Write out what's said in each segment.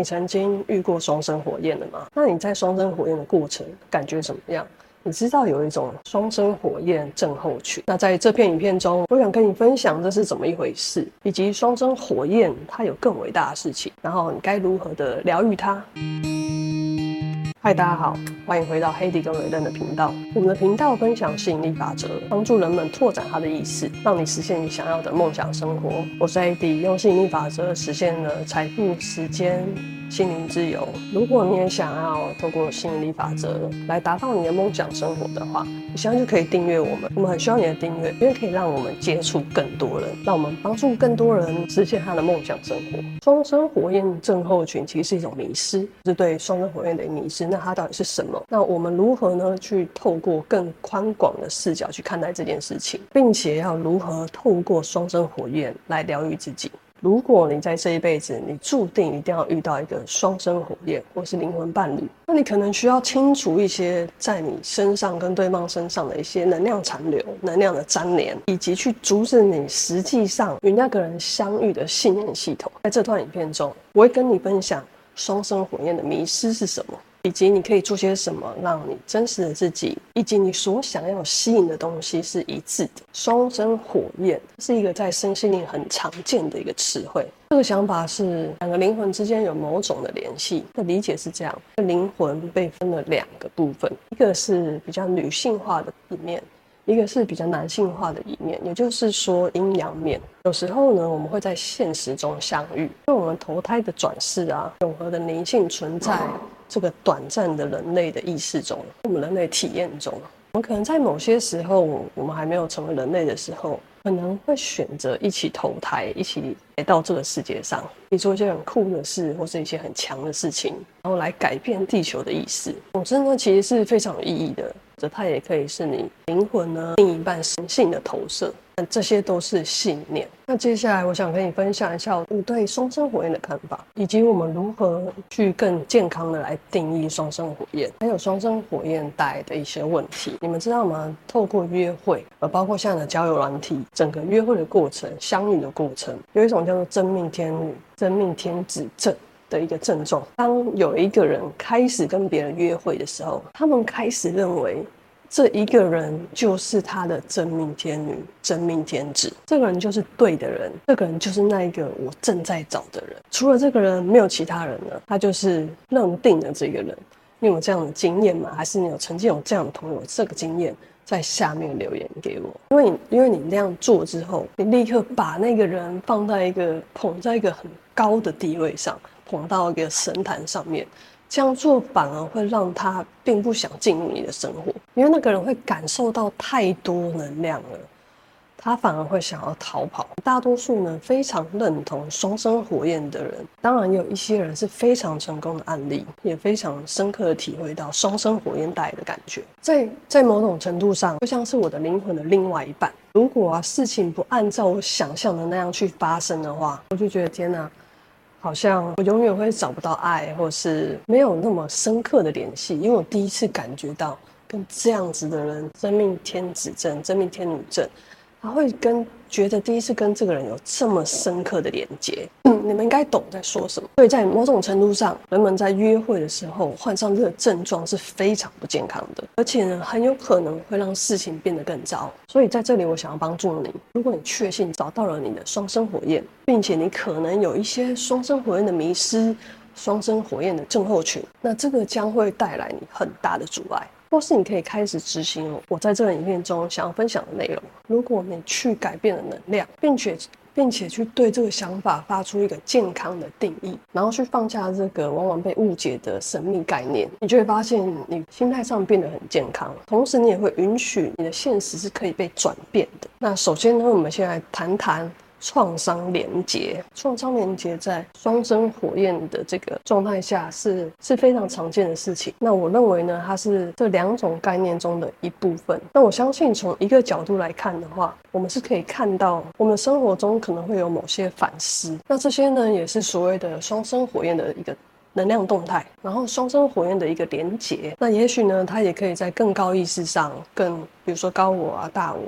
你曾經遇過雙生火焰的嗎？那你在雙生火焰的過程感覺怎麼樣？你知道有一種雙生火焰症候群？那在這片影片中，我想跟你分享這是怎麼一回事，以及雙生火焰它有更偉大的事情，然後你該如何的療癒它？嗨，Hi, 大家好，歡迎回到海地跟睿睿的頻道。我們的頻道分享吸引力法則，幫助人們拓展他的意識，讓你實現你想要的夢想生活。我是海地，用吸引力法則實現了財富、時間。心靈自由。如果你也想要透過吸引力法則來達到你的夢想生活的話，你現在就可以訂閱我們。我們很需要你的訂閱，因為可以讓我們接觸更多人，讓我們幫助更多人實現他的夢想生活。雙生火焰症候群其實是一種迷思，就是對雙生火焰的迷思。那它到底是什麼？那我們如何呢？去透過更寬廣的視角去看待這件事情，並且要如何透過雙生火焰來療癒自己？如果你在這一輩子，你注定一定要遇到一個雙生火焰或是靈魂伴侶，那你可能需要清除一些在你身上跟對方身上的一些能量殘留、能量的粘連，以及去阻止你實際上與那個人相遇的信念系統。在這段影片中，我會跟你分享雙生火焰的迷思是什麼。以及你可以做些什麼，讓你真實的自己以及你所想要吸引的東西是一致的。雙生火焰是一個在身心靈很常見的一個詞彙。這個想法是兩個靈魂之間有某種的聯繫。的理解是這樣：這個靈魂被分了兩個部分，一個是比較女性化的一面，一個是比較男性化的一面，也就是說陰陽面。有時候呢，我們會在現實中相遇，因為我們投胎的轉世啊，永恆的靈性存在。嗯這個短暫的人類的意識中，我們人類體驗中，我們可能在某些時候，我們還沒有成為人類的時候，可能會選擇一起投胎，一起來到這個世界上，可以做一些很酷的事，或是一些很強的事情，然後來改變地球的意識。總之呢，其實是非常有意義的。這它也可以是你靈魂呢另一半神性的投射。這些都是信念。那接下來，我想跟你分享一下我對雙生火焰的看法，以及我們如何去更健康的來定義雙生火焰，還有雙生火焰帶來的一些問題。你們知道嗎？透過約會，呃，包括現在的交友軟體，整個約會的過程、相遇的過程，有一種叫做“真命天女”、“真命天子症”的一個症狀。當有一個人開始跟別人約會的時候，他們開始認為。這一個人就是他的真命天女、真命天子，這個人就是對的人，這個人就是那一個我正在找的人。除了這個人，沒有其他人了。他就是認定了這個人。你有這樣的經驗嗎？還是你有曾經有這樣的朋友？這個經驗在下面留言給我。因為你，因為你那樣做之後，你立刻把那個人放在一個捧在一個很高的地位上，捧到一個神壇上面。這樣做反而會讓他並不想進入你的生活，因為那個人會感受到太多能量了，他反而會想要逃跑。大多數呢，非常認同雙生火焰的人，當然有一些人是非常成功的案例，也非常深刻的體會到雙生火焰帶來的感覺。在在某種程度上，就像是我的靈魂的另外一半。如果啊，事情不按照我想象的那樣去發生的話，我就覺得天哪，好像我永遠會找不到愛，或是沒有那麼深刻的聯繫，因為我第一次感覺到跟這樣子的人，真命天子症、真命天女症，他會跟。覺得第一次跟這個人有這麼深刻的連接，嗯、你們應該懂在說什麼。所以，在某種程度上，人們在約會的時候患上這個症狀是非常不健康的，而且呢，很有可能會讓事情變得更糟。所以，在這裡，我想要幫助你。如果你確信找到了你的雙生火焰，並且你可能有一些雙生火焰的迷失、雙生火焰的症候群，那這個將會帶來你很大的阻礙。或是你可以開始執行我在這個影片中想要分享的內容。如果你去改變了能量，並且，並且去對這個想法發出一個健康的定義，然後去放下這個往往被誤解的神秘概念，你就會發現你心態上變得很健康，同時你也會允許你的現實是可以被轉變的。那首先呢，我們先來談談。創傷連結，創傷連結在雙生火焰的這個狀態下是是非常常見的事情。那我認為呢，它是這兩種概念中的一部分。那我相信從一個角度來看的話，我們是可以看到我們生活中可能會有某些反思。那這些呢，也是所謂的雙生火焰的一個能量動態，然後雙生火焰的一個連結。那也許呢，它也可以在更高意識上，更比如說高我啊、大我。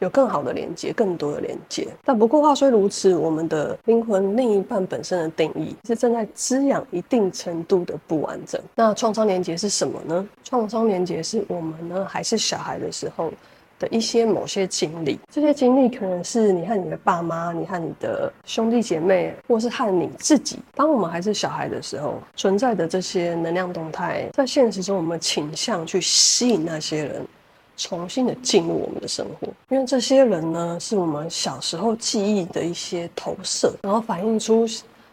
有更好的連接，更多的連接。但不過話雖如此，我們的靈魂另一半本身的定義是正在滋養一定程度的不完整。那創傷連接是什麼呢？創傷連接是我們呢，還是小孩的時候的一些某些經歷，這些經歷可能是你和你的爸媽，你和你的兄弟姐妹，或是和你自己。當我們還是小孩的時候，存在的這些能量動態，在現實中我們傾向去吸引那些人，重新的進入我們的生活，因為這些人呢，是我們小時候記憶的一些投射，然後反映出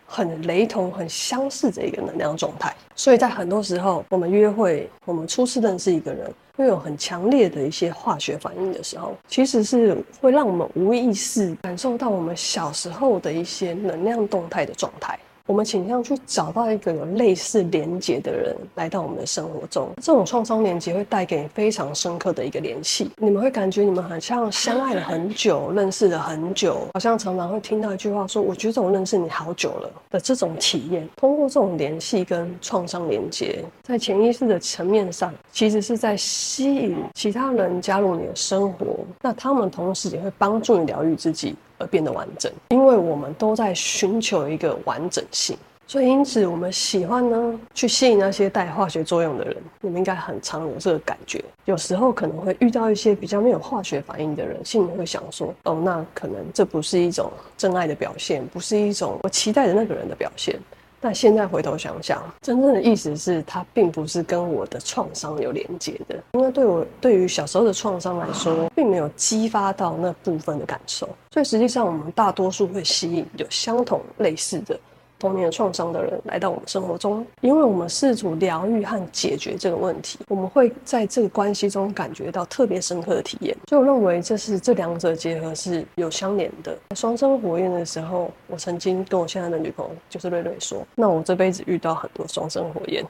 很雷同、很相似的一個能量狀態。所以在很多時候，我們約會、我們初次認識一個人，會有很強烈的一些化學反應的時候，其實是會讓我們無意識感受到我們小時候的一些能量動態的狀態。我們傾向去找到一個有類似連結的人來到我們的生活中，這種創傷連結會帶給你非常深刻的一個聯繫。你們會感覺你們好像相愛了很久，認識了很久，好像常常會聽到一句話說：“我覺得我認識你好久了”的這種體驗。通過這種聯繫跟創傷連結，在潛意識的層面上，其實是在吸引其他人加入你的生活。那他們同時也會幫助你療癒自己。而變得完整，因為我們都在尋求一個完整性，所以因此我們喜歡呢去吸引那些帶化學作用的人。你們應該很常有這個感覺，有時候可能會遇到一些比較沒有化學反應的人，心裡會想說：“哦，那可能這不是一種真愛的表現，不是一種我期待的那個人的表現。”那現在回頭想想，真正的意思是，它並不是跟我的創傷有連接的，因為對我對於小時候的創傷來說，並沒有激發到那部分的感受，所以實際上我們大多數會吸引有相同類似的。童年創傷的人來到我們生活中，因為我們試圖療癒和解決這個問題，我們會在這個關係中感覺到特別深刻的體驗。所以我認為這是這兩者結合是有相連的。雙生火焰的時候，我曾經跟我現在的女朋友就是睿睿說：“那我這輩子遇到很多雙生火焰。”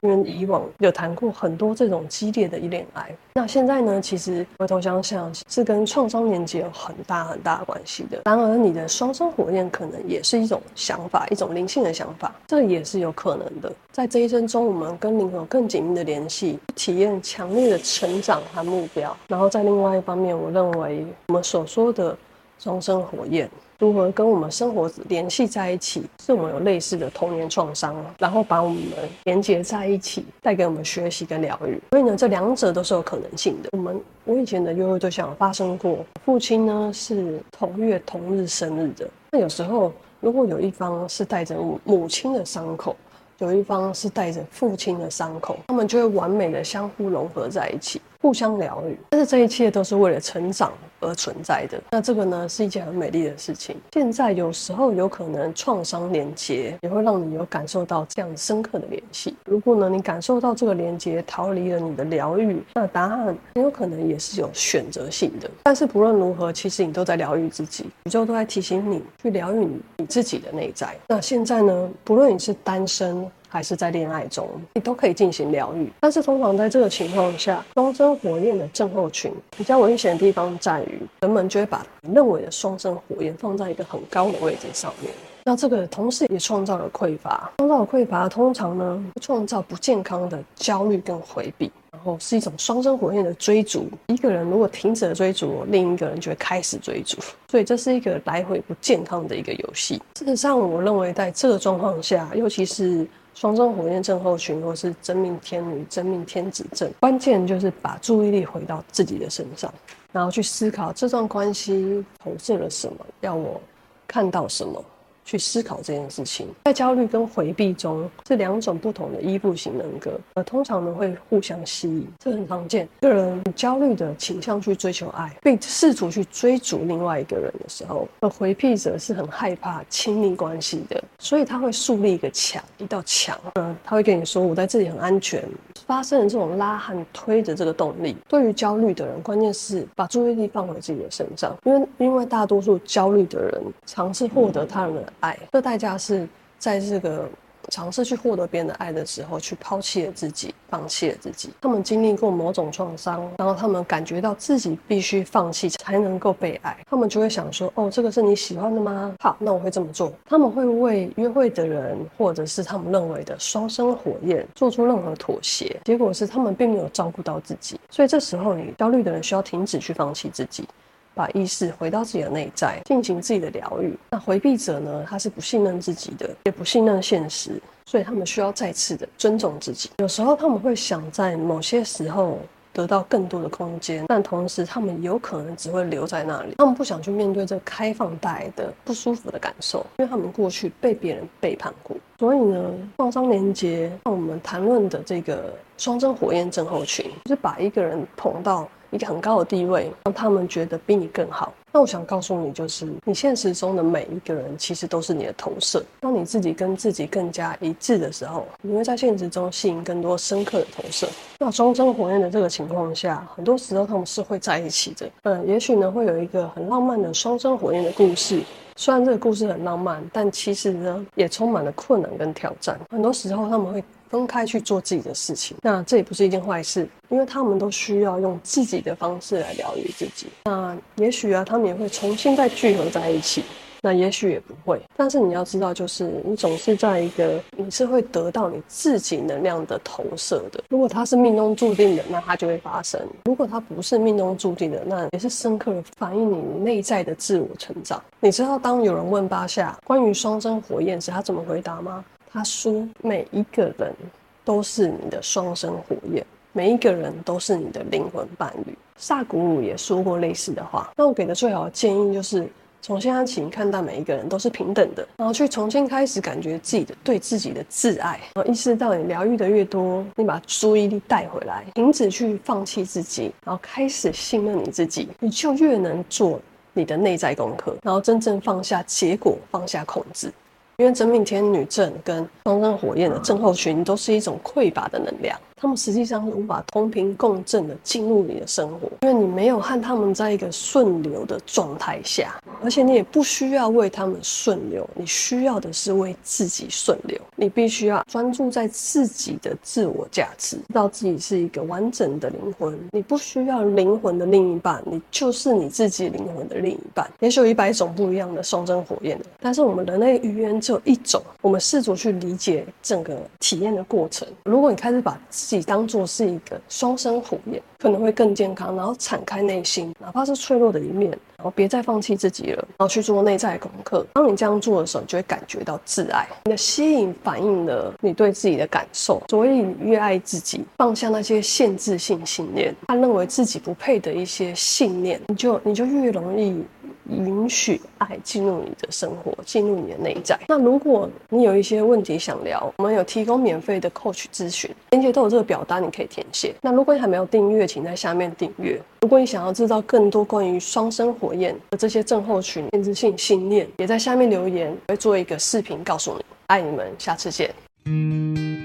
因為以往有談過很多這種激烈的一戀愛，那現在呢？其實回頭想想，是跟創傷連接有很大很大的關係的。然而，你的雙生火焰可能也是一種想法，一種靈性的想法，這也是有可能的。在這一生中，我們跟靈魂更緊密的聯繫，體驗強烈的成長和目標。然後在另外一方面，我認為我們所說的雙生火焰，如何跟我們生活聯繫在一起？是我們有類似的童年創傷，然後把我們連接在一起，帶給我們學習跟療癒。所以呢，這兩者都是有可能性的。我們我以前的約會對象發生過，父親呢是同月同日生日的。那有時候，如果有一方是帶着母親的傷口，有一方是帶着父親的傷口，他們就會完美的相互融合在一起。互相療癒，但是這一切都是為了成長而存在的。那這個呢，是一件很美麗的事情。現在有時候有可能創傷連結，也會讓你有感受到這樣深刻的聯繫。如果呢，你感受到這個連結逃離了你的療癒，那答案很有可能也是有選擇性的。但是不論如何，其實你都在療癒自己，宇宙都在提醒你去療癒你你自己的內在。那現在呢，不論你是單身。還是在戀愛中，你都可以進行療癒。但是通常在這個情況下，雙生火焰的症候群比較危險的地方在於，人們就會把認為的雙生火焰放在一個很高的位置上面。那這個同時也創造了匱乏，創造的匱乏通常呢，創造不健康的焦慮跟回避，然後是一種雙生火焰的追逐。一個人如果停止了追逐，另一個人就會開始追逐。所以這是一個來回不健康的一個遊戲。事實上，我認為在這個狀況下，尤其是雙生火焰症候群或是真命天女、真命天子症，關鍵就是把注意力回到自己的身上，然後去思考這段關係投射了什麼，要我看到什麼。去思考這件事情，在焦慮跟回避中是兩種不同的依附型人格，而通常呢會互相吸引，這很常見。一個人以焦慮的傾向去追求愛，並試圖去追逐另外一個人的時候，而回避者是很害怕親密關係的，所以他會樹立一個牆，一道牆。嗯，他會跟你說：“我在這裡很安全。”發生了這種拉和推的這個動力，對於焦慮的人，關鍵是把注意力放回自己的身上，因為因為大多數焦慮的人嘗試獲得他人的。愛，這代價是在這個嘗試去獲得別人的愛的時候，去拋棄了自己，放棄了自己。他們經歷過某種創傷，然後他們感覺到自己必須放棄才能夠被愛，他們就會想說：哦，這個是你喜歡的嗎？好，那我會這麼做。他們會為約會的人，或者是他們認為的雙生火焰，做出任何妥協。結果是他們並沒有照顧到自己，所以這時候你焦慮的人需要停止去放棄自己。把意識回到自己的內在，進行自己的療癒。那回避者呢？他是不信任自己的，也不信任現實，所以他們需要再次的尊重自己。有時候他們會想在某些時候得到更多的空間，但同時他們有可能只會留在那裡。他們不想去面對這開放帶來的不舒服的感受，因為他們過去被別人背叛過。所以呢，創傷連接，那我們談論的這個雙生火焰症候群，就是把一個人捧到。一個很高的地位，讓他們覺得比你更好。那我想告訴你，就是你現實中的每一個人，其實都是你的投射。當你自己跟自己更加一致的時候，你會在現實中吸引更多深刻的投射。那雙生火焰的這個情況下，很多時候他們是會在一起的。嗯，也許呢，會有一個很浪漫的雙生火焰的故事。雖然這個故事很浪漫，但其實呢，也充滿了困難跟挑戰。很多時候他們會分開去做自己的事情，那這也不是一件壞事，因為他們都需要用自己的方式來療癒自己。那也許啊，他們也會重新再聚合在一起，那也許也不會。但是你要知道，就是你總是在一個，你是會得到你自己能量的投射的。如果它是命中注定的，那它就會發生；如果它不是命中注定的，那也是深刻的反映你內在的自我成長。你知道，當有人問巴夏關於雙生火焰時，他怎麼回答嗎？他說：“每一個人都是你的雙生火焰，每一個人都是你的靈魂伴侶。”薩古魯也說過類似的話。那我給的最好的建議就是，從現在起，你看到每一個人都是平等的，然後去重新開始，感覺自己的對自己的自愛，然後意識到你療癒的越多，你把注意力帶回來，停止去放棄自己，然後開始信任你自己，你就越能做你的內在功課，然後真正放下結果，放下控制。因為真命天女症跟雙生火焰的症候群，都是一種匱乏的能量。他們實際上是無法同頻共振的進入你的生活，因為你沒有和他們在一個順流的狀態下，而且你也不需要為他們順流，你需要的是為自己順流。你必須要專注在自己的自我價值，知道自己是一個完整的靈魂。你不需要靈魂的另一半，你就是你自己靈魂的另一半。也許有一百種不一樣的雙生火焰，但是我們人類語言只有一種。我們試着去理解整個體驗的過程。如果你開始把。自己當做是一個雙生火焰，可能會更健康。然後敞開內心，哪怕是脆弱的一面，然後別再放棄自己了，然後去做內在的功課。當你這樣做的時候，你就會感覺到自愛。你的吸引反映了你對自己的感受，所以你越愛自己，放下那些限制性信念，他認為自己不配的一些信念，你就你就越容易。允許愛進入你的生活，進入你的內在。那如果你有一些問題想聊，我們有提供免費的 coach 諮詢，鏈接都有這個表單，你可以填寫。那如果你還沒有訂閱，請在下面訂閱。如果你想要知道更多關於雙生火焰的這些症候群、限制性信念，也在下面留言，我會做一個視頻告訴你。愛你們，下次見。嗯。